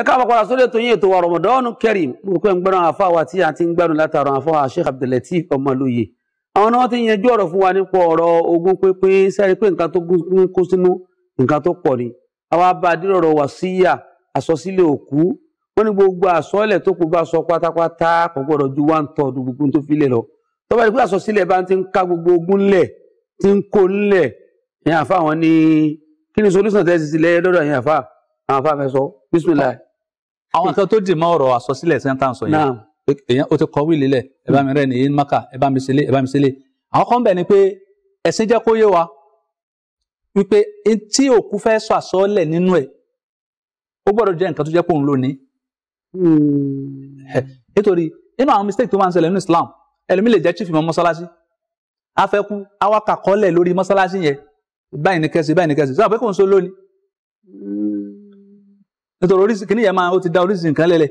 ẹ káàbọ̀ padà sórí ètò yín ètò wa Ramadan Kareem gbogbo ń gbẹ́ràn àfa wa tí a ti ń gbẹ́rùn látara àfa Sheikh Abdulateef Ọmọlóye àwọn ni wọ́n ti yanjú ọ̀rọ̀ fún wa nípa ọ̀rọ̀ ogún pínpín sẹ́rí pé nǹkan tó gún kó sínú nǹkan tó pọ̀ ni àwa bá a dírọ̀rọ̀ wàsíyà àsọsílẹ̀ òkú wọ́n ní gbogbo àsọlẹ̀ tó kù bá sọ pátápátá kò gbọ́dọ̀ ju one third gbogbo tó fi lẹ̀ lọ tó bá di pé àsọsílẹ̀ bá ti ń ká gbogbo ogún lẹ̀ ti ń kó lẹ̀ ẹ̀yìn àfa àwọn ni kí ni solution tẹ́sí sílẹ̀ lọ́dọ̀ ẹ̀yìn àfa àwọn àfa fẹ́ sọ bísí àwọn nǹkan tó dì mọ́ ọ̀rọ̀ àsọsílẹ̀ sẹ́ńtà sọ yẹn èèyàn ó ti kọ wíìlì lẹ̀ ẹ bá mi rẹ́ nìyí maka ẹ bá mi sílé ẹ bá mi sílé àwọn kan bẹ̀ ni pé ẹ̀sìn jẹ́ kó yé wa wípé tí òkú fẹ́ sọ àsọlẹ̀ nínú ẹ̀ ó gbọ́dọ̀ jẹ́ nǹkan tó jẹ́ pòun lónìí hmm. nítorí nínú àwọn mistake tó máa ń ṣẹlẹ̀ nínú Islam ẹlòmíì lè jẹ́ chief imam mọ́sálásí afẹ́kú awakàkọ́lẹ̀ lórí mọ́sálásí yẹn báyìí ni kẹ́sì báyìí ni kẹ́sì sọ àpẹ́kùn sọ lónìí nítorí oríṣi kìíní yẹn máa ó ti da oríṣi nǹkan lélẹ̀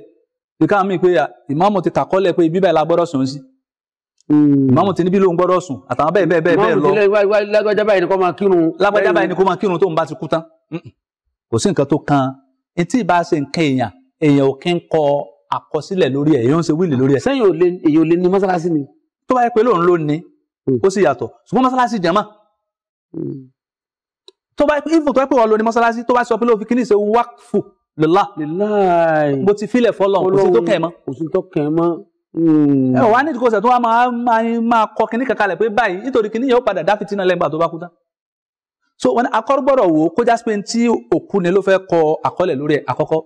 ìka mi pé ìmáàmù ti tàkọ́lẹ̀ pé ibi báyìí la gbọ́dọ̀ sùn sí hmm. ìmáàmù ti níbi lóun gbọ́dọ̀ sùn àtàwọn bẹ́ẹ̀ bẹ́ẹ̀ bẹ́ẹ̀ lọ lágbájá báyìí ni kó máa kírun lágbájá báyìí ni kó máa kírun tó ń bá ti kú tán kò sí nǹkan tó kan etí ìbá ṣe nǹkan èèyàn èèyàn ò kí ń kọ àkọsílẹ̀ lórí ẹ̀ èèyàn ń ṣe wíìlì lórí ẹ̀. sẹ́yìn èèyàn ò lè ní mọ́sálásí ni. tó bá yẹ pé lóun ló ní hmm. ó sì yàtọ̀ ṣùgbọ́n mọ́sálásí jẹ́ mọ́ hmm. tó bá yẹ lọ́lá mo ti filẹ̀ fọlọ́ kò sí tó kẹ̀ mọ́. kò sí tó kẹ̀ mọ́. Hmm. ẹ wàá ní ìdíkọ̀sẹ̀ tó wá máa máa kọ kinní kankan lẹ̀ pé báyìí nítorí kinní yẹn ó padà dá fìtínà lẹ́gbàá tó bá kú tán. so wọn akọ́rọ́gbọ́dọ̀ wò ó kó jásí pé tí òkú ni ló fẹ́ kọ àkọọ́lẹ̀ lórí ẹ̀ àkọ́kọ́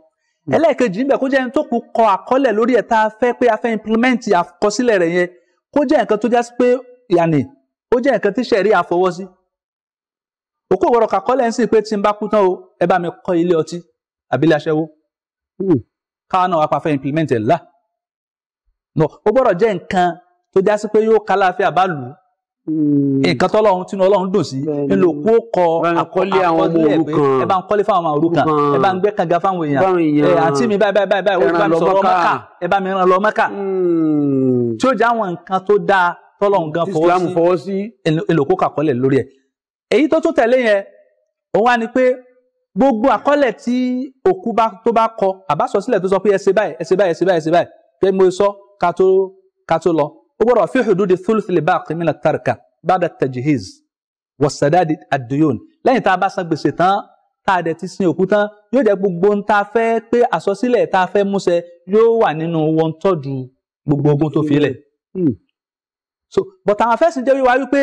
hmm. ẹlẹ́ẹ̀kejì níbẹ̀ kó jẹ́ ẹni tó kù kọ àkọọ́lẹ̀ lórí ẹ̀ tá a fẹ́ pé a fẹ́ implement àkọsílẹ̀ rẹ̀ yẹn kó jẹ́ nǹkan tó jásí yàní ó jẹ́ nǹkan tí sẹ̀rí àfọwọ́sí òkú òwòrọ̀ kàkọ́lẹ̀ ń sìn pé tí n bá kú tán o ẹ bá mi kọ́ ilé ọtí àbílẹ̀ aṣẹ́wó hmm. káwa náà wá pa fẹ́ implement ẹ̀ là no ó gbọ́dọ̀ jẹ́ nǹkan tó já sí pé yóò kálàáfíà bá lù ú hmm. nǹkan tọ́lọ́run tínú ọlọ́run dùn sí ńlò kó kọ àkọlé àwọn ọmọ òrukàn ẹ bá ń kọ́lé fáwọn ọmọ òrukàn ẹ bá ń gbẹ́ kànga fáwọn èèyàn àti mi báyìí báyìí báyìí ó bá mi sọ̀rọ̀ mọ́kà ẹ bá mi ràn lọ mọ́kà hmm. tí ó jẹ́ àwọn nǹkan tó dáa tọ́lọ́run gan fọwọ́ sí ńlò kó kàkọ́lẹ̀ lórí ẹ̀ èyí tó tún tẹ̀lé yẹn òun wá ni pé gbogbo àkọọ́lẹ̀ tí òkú bá tó bá kọ àbásọsílẹ̀ tó sọ pé ẹ ṣe báyìí ẹ ṣe báyìí ẹ ṣe báyìí ẹ ṣe báyìí pé mo sọ ká tó ká tó lọ ó gbọ́dọ̀ fi hududi thuluthi li baqi min ba'da at-tajhiz wa sadadi ad tá a bá san gbèsè tán tá a dẹ̀ ti sin òkú tán yóò jẹ́ gbogbo ohun tá a pé àsọsílẹ̀ tá a fẹ́ múṣẹ yóò wà nínú wọn tọ́jú gbogbo ogún tó fi lẹ̀ hmm. so but àwọn afẹ́sìn jẹ́ wíwá wípé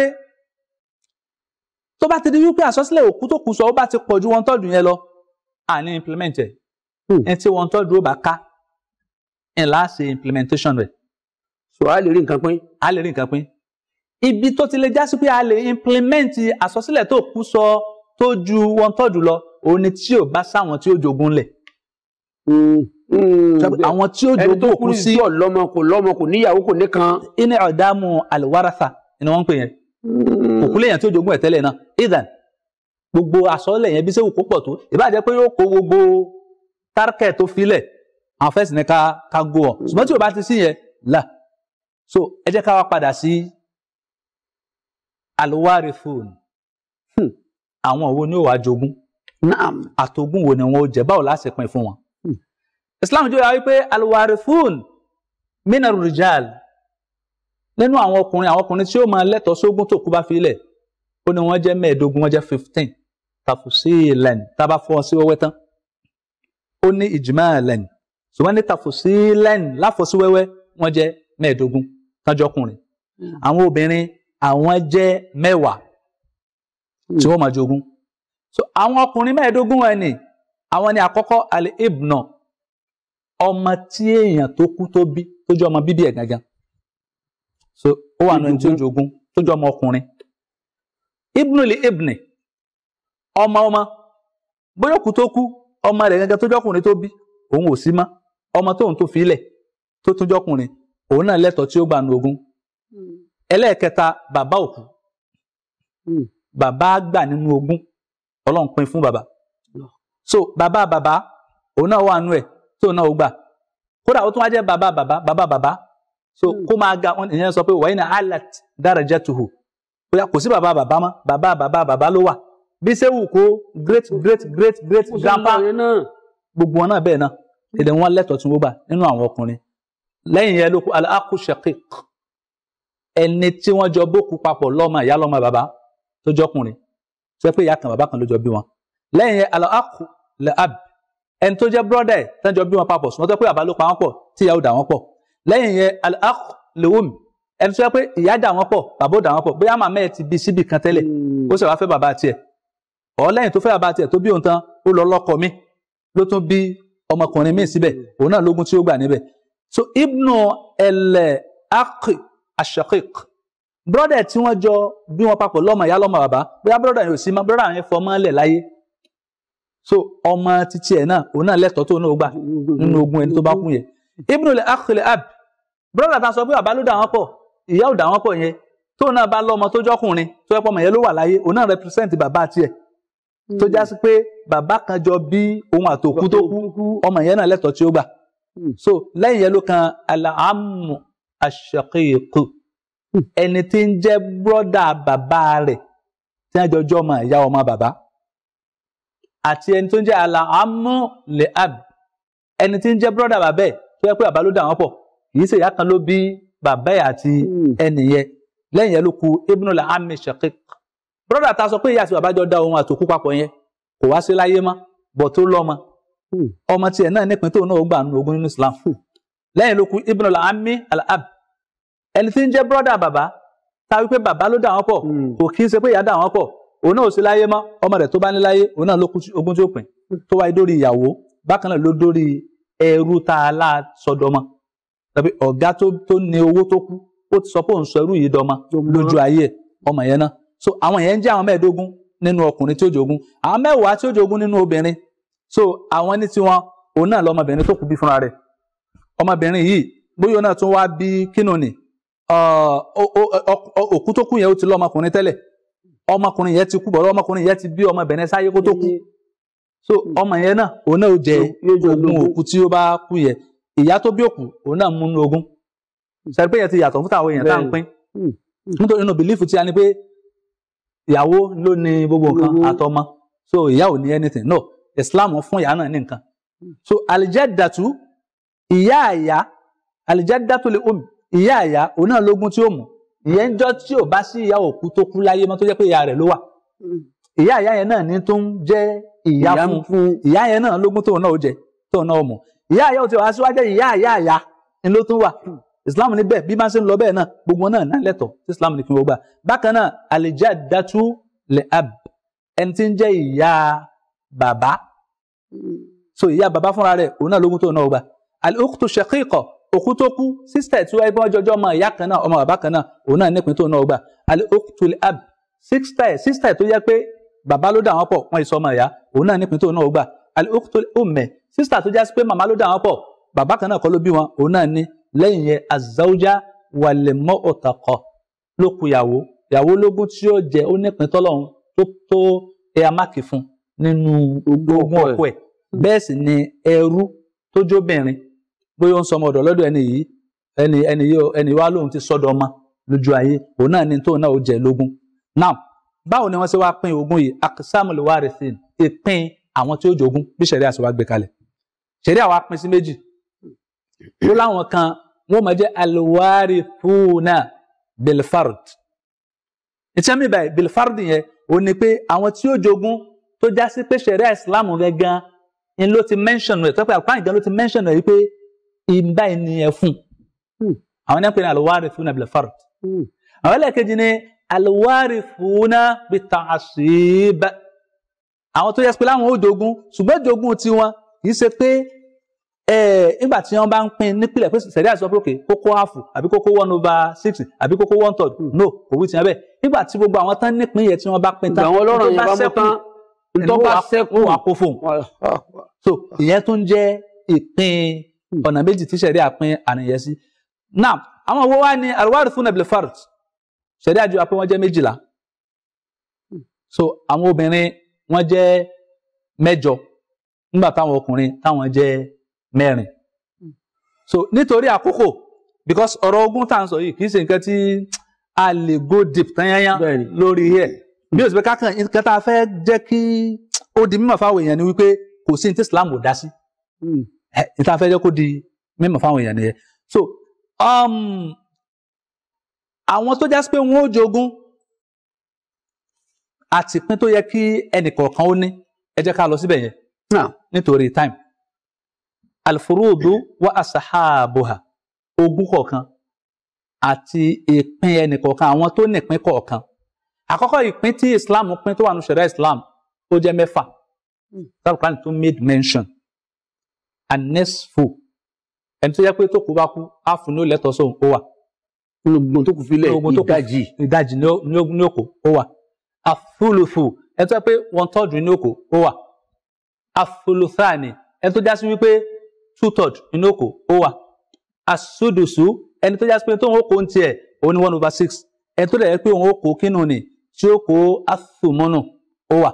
tó bá ti di wípé àsọsílẹ̀ òkú tó kù sọ ó bá ti pọ̀ ju wọn tọ́dù yẹn lọ àní implement ẹ̀ hmm. ẹni tí wọn tọ́dù ó bá ká ẹ̀ là á ṣe implementation rẹ̀. so a lè rí nǹkan pín. a lè rí nǹkan pín. ibi tó ti lè já sí pé a lè implement àsọsílẹ̀ tó kù sọ tó ju wọn tọ́dù lọ òun ni tí ò bá sáwọn tí ó jogun lẹ̀ hmm. Hmm. àwọn tí ó jogún òkú sí ẹni tó kú sí ọlọmọ kò lọmọ kò níyàwó kò nìkan. inú ọ̀dààmú àlùwáràsà ni wọ́n ń pè yẹn òkú lèèyàn tí ó jogún ẹ̀ tẹ́lẹ̀ náà idan gbogbo àsọlẹ̀ yẹn bí sẹ́wù kó pọ̀ tó ìbáàjẹ́ pé yóò kó gbogbo tárkẹ̀ tó filẹ̀ àwọn fẹ́ẹ̀sì ni ká ká go ọ̀ ṣùgbọ́n tí o bá ti sí yẹn là so ẹ jẹ́ ká wá padà sí alwarithun hmm, àwọn wo ni ó wá jogún àtogún wo ni wọn ó jẹ báwo la ṣe pín fún wọn hmm. Islam jẹ́ wípé alwarithun minar rijal nínú àwọn ọkùnrin àwọn ọkùnrin tí ó máa lẹ́tọ̀ọ́ sógún tó kú bá fi ó ní wọ́n jẹ́ mẹ́ẹ̀ẹ́dógún wọ́n jẹ́ fifteen tafusilan tábà fún ọ sí wẹ́wẹ́ tán ó ní ijmalan ṣùgbọ́n ní tafusilan láfọ̀síwẹ́wẹ́ wọ́n jẹ́ mẹ́ẹ̀ẹ́dógún tánjọ́kùnrin hmm. àwọn obìnrin àwọn jẹ́ mẹ́wàá hmm. tí wọ́n máa jogún so àwọn ọkùnrin mẹ́ẹ̀ẹ́dógún ẹ̀ ni àwọn ni àkọ́kọ́ al ibna ọmọ tí èèyàn tó kú tó bí tó jẹ́ ọmọ bíbí ẹ̀ gangan so ó wà nínú tí ó jogún tó jọ ọmọ ọkùnrin ibnu li ibni ọmọ ọmọ bóyá òkú tó kú ọmọ rẹ̀ gẹ́gẹ́ tó jọkùnrin tó bí òun ò sí mọ́ ọmọ tóun tó fi ilẹ̀ tó tún jọkùnrin òun náà lẹ́tọ̀ọ́ tí ó gbà nu ogún hmm. ẹlẹ́ẹ̀kẹta bàbá òkú hmm. bàbá gbà nínú ogún ọlọ́run pín fún bàbá so bàbá bàbá òun náà wà nù ẹ̀ tóun náà ó gbà kódà ó tún wá jẹ́ bàbá bàbá bàbá bàbá so hmm. kó máa ga wọn ìyẹn sọ pé wàá yìí na alat darajatuhu kò sí bàbá bàbá mọ́ bàbá bàbá bàbá ló wà bí sẹ́wù kó great great great great grandpa gbogbo wọn náà bẹ́ẹ̀ náà èdè wọn lẹ́tọ̀ọ́ tí wọ́n gbà nínú àwọn ọkùnrin lẹ́yìn yẹn ló kó al-akhu shaqiq ẹni tí wọ́n jọ bókú papọ̀ lọ́mọ ìyá lọ́mọ bàbá tó jọkùnrin tó pé ìyá kan bàbá kan ló jọ bí wọn lẹ́yìn yẹn al ab ẹni tó jẹ́ brọ́dà ẹ̀ tó jọ bí wọn papọ̀ sùn wọ́n tó pé bàbá ló pa wọn pọ̀ tí dà wọn pọ̀ lẹ́yìn yẹn al-akh lewom ẹni tó yẹ pé ìyá dà wọ́n pọ̀ bàbá ò dà wọ́n pọ̀ bóyá màmá ẹ̀ ti bí síbì kan tẹ́lẹ̀ hmm. ó sì wá fẹ́ bàbá tiẹ̀ ọ̀ lẹ́yìn tó fẹ́ bàbá tiẹ̀ tó bí òun tán ó lọ lọ́kọ mi ló tún bí ọmọkùnrin míì síbẹ̀ òun náà lógún tí ó gbà níbẹ̀ so ibnu ẹlẹ akhi ashaqiq brọ́dà tí wọ́n jọ bí wọ́n papọ̀ lọ́mọ ìyá lọ́mọ bàbá bóyá brọ́dà yẹn ò sí mọ́ brọ́dà yẹn fọ́ mọ́lẹ̀ láyé so ọmọ títí ẹ̀ náà òun náà lẹ́tọ̀ọ́ tó náà gbà nínú ogún ẹni tó bá kú yẹn ibnu ẹlẹ akhi ab brọ́dà ta sọ pé bàbá ló dà wọ́n pọ̀ ìyá ò dà wọ́n pọ̀ yẹn tóun náà bá lọ́mọ tó jọ́kùnrin tó yẹ pọ́mọ yẹn ló wà láyé òun náà represent bàbá tiẹ̀ tó hmm. já sí pé bàbá kan jọ bí ohun àtòkú tó kú ọmọ yẹn náà lẹ́tọ̀ọ́ tí ó gbà hmm. so lẹ́yìn yẹn ló kan alaamu aṣakiku ẹni tí ń jẹ́ brọ́dà bàbá rẹ̀ tí wọ́n jọjọ́ ọmọ ìyá ọmọ bàbá àti ẹni tó ń jẹ́ alaamu leab ẹni tí ń jẹ́ brọ́dà bàbá ẹ̀ tó yẹ pé bàbá ló dà wọ́n pọ̀ kì í ṣe ìyá kan ló bí bàbá ẹ̀ àti hmm. ẹnìyẹn lẹ́yìn yẹn ló ku ibnul ammi shaqiq brọ́dà ta sọ pé ìyá àti bàbá jọ da òun àtòkú papọ̀ yẹn kò wá sí láyé mọ́ bọ̀ tó lọ́mọ hmm. ọmọ tiẹ̀ náà nípìn tóun náà gbà nínú ogun nínú Islam hmm. lẹ́yìn ló ku ibnul ammi al-ab ẹni tí ń jẹ́ brọ́dà bàbá ta wípé bàbá ló dà wọ́n pọ̀ kò kì í ṣe pé ìyá dà wọ́n pọ̀ òun náà ò sí láyé mọ́ ọmọ rẹ̀ tó bá ní láyé òun náà ló tàbí ọ̀gá tó ní owó tó kú ó ti sọ pé òun sọ irú yìí dọ́mọ lójú ayé ẹ̀ ọmọ yẹn náà so àwọn yẹn ń jẹ́ àwọn mẹ́ẹ̀ẹ́dógún nínú ọkùnrin tí ó jogún àwọn mẹ́wàá tí ó jogún nínú obìnrin so àwọn ní tiwọn òun náà lọmọbìnrin tó kú bí fúnra rẹ̀ ọmọbìnrin yìí bóyá náà tún wá bí kínú ni òkú tó kú yẹn ó ti lọ́mọkùnrin tẹ́lẹ̀ ọmọkùnrin yẹn ti kú bọ̀rọ̀ ọmọkùnrin yẹn ti bí ọmọbìnrin sáyé kó tó kú so ọmọ yẹn náà òun náà ó jẹ ogún òkú tí ó bá kú yẹn ìyá tó bí òkú òun náà múnú ogún ṣàrí pé yẹn ti yàtọ̀ fún tàwọn èèyàn tá à ń pín hmm. Hmm. nítorí inú bìlífù tí a ní pé ìyàwó ló ní gbogbo nǹkan àtọmọ so ìyá ò ní anything no Islam fún ìyá náà ní nǹkan hmm. so alijadatu ìyá àyà alijadatu lè omi ìyá àyà òun náà lógún tí ó mú ìyẹn ń jọ tí ò bá sí ìyá òkú tó kú láyé mọ́ tó jẹ́ pé ìyá rẹ̀ ló wà ìyá àyà yẹn náà ní tó ń jẹ́ ìyá fún ìyá yẹn náà lógún tóun náà ó jẹ tóun náà ó mú ìyá àyà ò ti wá síwájú ìyá àyà àyà ni ló tún wà islam ní bẹ́ẹ̀ bí bá ń ṣe ń lọ bẹ́ẹ̀ náà gbogbo wọn náà náà lẹ́tọ̀ọ́ tí islam ní fi wọ́n gbà bákan náà al-jaddatu li-ab ẹni tí ń jẹ́ ìyá bàbá so ìyá bàbá fúnra rẹ̀ òun náà lógún tó náà gbà al-ukhtu shaqiqa òkú tó kú sísítẹ̀ tí wọ́n ẹgbẹ́ ọjọ́jọ́ ọmọ ìyá kan náà ọmọ bàbá kan náà òun náà nípìn tó náà gbà al-ukhtu ab sísítẹ̀ sísítẹ̀ tó yẹ pé bàbá ló dà wọ́n pọ̀ wọ́n ìsọmọ ìyá òun náà nípìn tó náà gbà al-ukhtu sísítà tó jásí pé màmá ló dà wọ́n pọ̀ bàbá kan náà kọ́ ló bí wọn òun náà ní lẹ́yìn yẹn azawuja wàlẹ̀mọ́ ọ̀tàkọ ló ku ìyàwó ìyàwó lógún tí yóò jẹ ó nípìn tọ́lọ́run tó tó ẹ̀yà máàkì fún nínú ogún ọkọ ẹ̀ bẹ́ẹ̀ sì ni ẹrú tó jóbìnrin bóyá ó ń sọmọ ọ̀dọ̀ lọ́dọ̀ ẹni yìí ẹni ẹni yìí ẹni wá lóhun ti sọ́dọ̀ ọmọ lójú ayé òun náà ni tóun náà ó jẹ lógún now báwo ni wọ́n ṣe wá pín ogún yìí akisamu lè rẹ̀ sí ìpín àwọn tí ó jogún bí sẹ̀rí àṣewá gbé kalẹ̀ ṣẹ̀rí àwa pín sí méjì ló láwọn kan wọ́n máa jẹ́ alwarithuna bilfard ìtẹ́mi báyìí bilfard yẹn ò ní pé àwọn tí ó jogún tó já sí pé ṣẹ̀rí islam gangan ni ló ti mention rẹ̀ tọ́pẹ́ àpá ìgbà ló ti mention rẹ̀ wípé ìgbà ènìyàn fún àwọn náà pè ní alwarithuna bilfard àwọn ẹlẹ́ẹ̀kejì ni alwarithuna bitasib àwọn tó yẹ pé láwọn ó jogún ṣùgbọ́n jogún tiwọn kì í ṣe pé nígbà tí wọ́n bá ń pín nípìnlẹ̀ pé sẹ̀rí àti sọ pé òkè kókó àfù àbí kókó one over six àbí kókó one third no òwú ti yẹn bẹ́ẹ̀ nígbà tí gbogbo àwọn tán nípìn yẹn tí wọ́n bá pín tán tó bá sẹ́kù tó bá sẹ́kù àkófò so ìyẹn tún jẹ́ ìpín ọ̀nà méjì tí sẹ̀rí àpín àníyàn sí now àwọn owó wa ni àrùwárí fún nàbìlì fard sẹ̀rí àjọ àpín wọn jẹ́ méjìlá so àwọn obìnrin wọn jẹ́ mẹ́jọ nígbà táwọn ọkùnrin táwọn jẹ́ mẹ́rin hmm. so nítorí àkókò because ọ̀rọ̀ ogún tá à ń sọ yìí kì ṣe nǹkan tí a lè go deep tanyanya lórí ẹ̀ hmm. bí o sì pé kákan nǹkan tá a fẹ́ jẹ́ kí ó di mímọ̀ fáwọn èèyàn ni wípé kò sí ní tí Islam ò dá sí hmm. ní tá a fẹ́ jẹ́ kó di mímọ̀ fáwọn èèyàn nìyẹn so um, àwọn tó jásí pé wọn ò jogún àtìpín tó yẹ kí ẹnìkọ̀ọ̀kan ó ní ẹ jẹ́ ká lọ síbẹ̀ yẹn náà nítorí time alfurudu wa asahabuha ogún kọ̀ọ̀kan àti ìpín ẹnì kọ̀ọ̀kan àwọn tó nípín kọ̀ọ̀kan àkọ́kọ́ ìpín tí islam pín tó wà ní ṣẹ̀ríà islam ó jẹ́ mẹ́fà sáà kúránì tó made mention anesfo ẹni tó yẹ pé tó kú bá kú áfù ní ó lẹ́tọ̀ọ́ sóhun ó wà. olùgbò tó kù filẹ̀ ìdajì ìdajì ní ó kù ó wà. àfúlùfù ẹni tó yẹ pé wọ́n tọ́jú ní ó ó wà afolothani ẹni tó jásí wípé two third nínú òkò ó wà asodosu ẹni tó jásí pé tóun òkò ń tiẹ̀ òun ni one over six ẹni tó dẹ̀ yẹ pé òun òkò kínú ni tí ó kó ó wà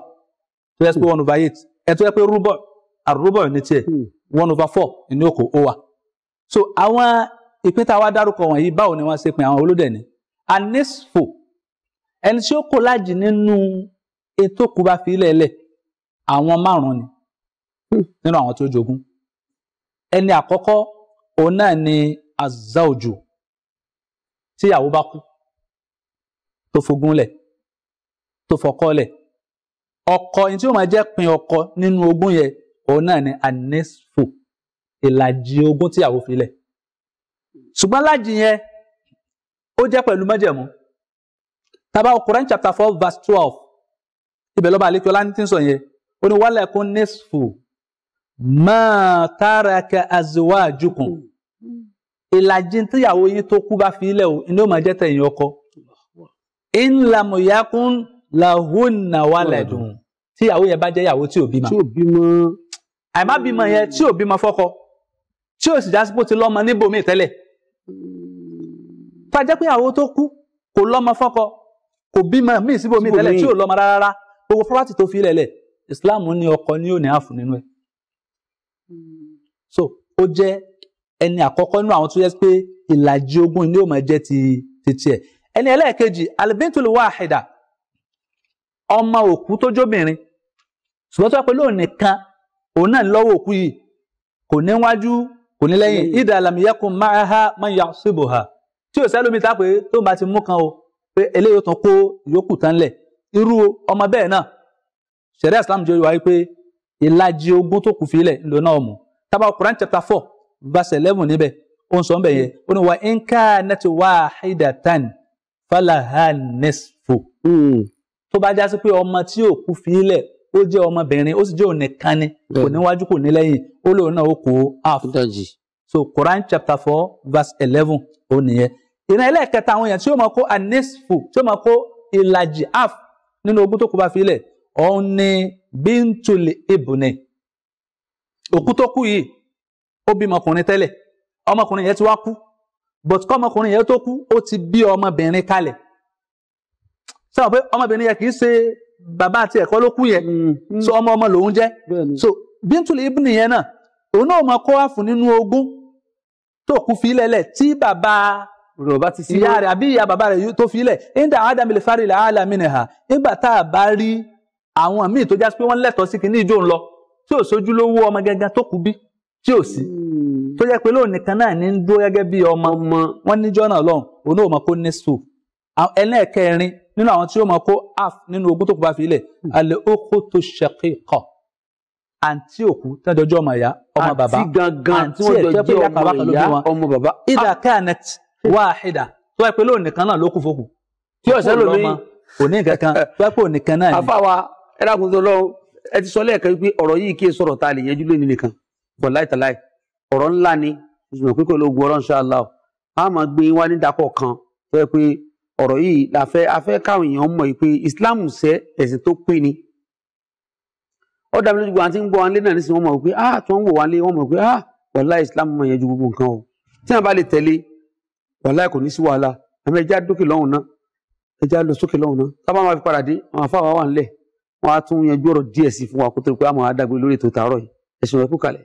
tó jásí pé one over eight ẹni tó yẹ pé rúbọ̀ àrúbọ̀ ní tiẹ̀ hmm. one over four nínú òkò ó wà so àwọn ìpín tá a wá dárúkọ wọ̀nyí báwo ni wọ́n ṣe pin àwọn olódẹ̀ ni anisfo ẹni tí ó kó lájì nínú ètò kú bá fi ilẹ̀ lẹ̀ àwọn márùn-ún ni nínú àwọn tó jogún ẹni àkọ́kọ́ òun náà ni azáòjò tí ìyàwó bá kú tó fogún lẹ̀ tó fọkọ lẹ̀ ọkọ ẹni tí ó máa jẹ́ pin ọkọ nínú ogún yẹn òun náà ni anisfo ìlàjì ogún tí ìyàwó fi lẹ̀ ṣùgbọ́n lájì yẹn ó jẹ́ pẹ̀lú májẹ̀mú tàbá Quran chapter four verse twelve ibẹ̀ lọ́ba àlékí ọlá ní tí ń sọ yẹn ó ní wálẹ̀ kún máa taraka azwajukum ìlàjì tíyàwó yín tó kú bá fi ilẹ̀ o ní ó máa jẹ́ tẹ̀yìn ọkọ in lam yakun lahunna waladun tíyàwó yẹn bá jẹ́ ìyàwó tí ò bímọ àìmá bímọ yẹn tí ò bímọ fọ́kọ tí ò sì jásípò ti lọ́mọ níbòmíì tẹ́lẹ̀ tá a jẹ́ pé ìyàwó tó kú kò lọ́mọ fọ́kọ kò bímọ míì síbòmíì tẹ́lẹ̀ tí ò lọ́mọ rárá gbogbo property tó fi ilẹ̀ lẹ̀ Islam ní ọkọ ní òní àfùn nínú ẹ̀ so ó jẹ́ ẹni àkọ́kọ́ nínú àwọn tó yẹ pé ìlàjì ogún ni ó máa jẹ́ ti ti tiẹ̀ ẹni ẹlẹ́ẹ̀kejì albintul wahida ọmọ òkú tó jóbìnrin ṣùgbọ́n tó yẹ pé lóun nìkan òun náà lọ́wọ́ òkú yìí kò ní wájú kò ní lẹ́yìn ìdá àlàmìyẹ́kùn máa ha máa yà síbò ha tí ò sẹ́lómi ta pé tó bá ti mú kan o pé eléyìí ó tán kó ìyókù tán lẹ̀ irú ọmọ bẹ́ẹ̀ náà ṣẹ̀rẹ́ islam jẹ́ wáyé pé ìlàjì ogún tó kù fílẹ̀ ló náà mú tábà Quran chapter four verse eleven níbẹ̀ ó ń sọ ń bẹ̀ yẹn ó ní wa in kanat wahidatan falaha nisfu hmm. tó bá já sí pé ọmọ tí òkú fílẹ̀ ó jẹ́ ọmọbìnrin ó sì jẹ́ ònìkan kò hmm. níwájú kò ní ó lóun náà ó kó half so Quran chapter four verse eleven ó nìyẹn ìran ẹlẹ́ẹ̀kẹta àwọn èèyàn tí ó máa kó anisfu tí ó máa kó ìlàjì half nínú ogún tó kù bá fílẹ̀ òun ni bíntùlì ibùnì òkú kú yìí ó bímọ ọkùnrin tẹ́lẹ̀ ọmọkùnrin yẹn ti wá kú but kọ́ yẹn tó kú ó ti bí ọmọbìnrin kalẹ̀ sọ pé ọmọbìnrin yẹn kì í ṣe bàbá àti ẹkọ ló kú yẹn mm-hmm. so ọmọ ọmọ lòun so bíntùlì ibùnì yẹn náà òun náà mọ kó wá nínú ogún tó kú fi tí bàbá ti sí ìyá rẹ àbí ìyá bàbá tó fi tá a àwọn míì tó jásí pé wọ́n lẹ́tọ̀ọ́ sí kinní ìjó ń lọ tí ò sójú lówó ọmọ gẹ́gẹ́ tó kú bí tí ò sí hmm. tó jẹ́ pé lóun nìkan náà ní ń dúró gẹ́gẹ́ bí ọmọ wọn níjọ́ náà lọ́hùn òun náà mọ̀ kó ní sùn ẹlẹ́ẹ̀kẹrin nínú àwọn tí ó mọ̀ kó af nínú ogún tó kù bá fi ilẹ̀ hmm. alẹ́ oko tó ṣẹ̀kí kọ̀ àǹtí òkú tẹ́jọ́jọ́ ọmọ ìyá ọmọ bàbá àǹtí gangan tí wọ́n jọ jẹ́ ọmọ ìyá ọmọ bàbá. ìdá kẹ́ẹ̀nẹ́t wáhídà tó yẹ ẹ dákun tó lọ́wọ́ ẹ ti sọ lẹ́ẹ̀kan pé ọ̀rọ̀ yìí kí ẹ sọ̀rọ̀ a lè yẹjú lónìí nìkan bọ̀ láìtàláì ọ̀rọ̀ ńlá ni ṣùgbọ́n pé kò ló gbọ́ ṣáàlá o a máa gbé wá ní dakọ̀ kan tó yẹ pé ọ̀rọ̀ yìí a Islam tó pé ni ó dàbí lójú gbọ́n àti ń gbọ́ wọn lé náà nísìnyí mọ̀ pé ah tí wọ́n ń ah Islam mọ̀ yẹn ju gbogbo nǹkan o tí wọ́n bá lè tẹ̀lé wàlá kò ní sí wàhálà àmọ́ ẹja dókè lọ́hùn wọn á tún yanjú ọ̀rọ̀ díẹ̀ sí fún wa kó tó di pé a máa dágbére lórí ètò tààrọ̀ yìí ẹ ṣeun ẹ kú kalẹ̀.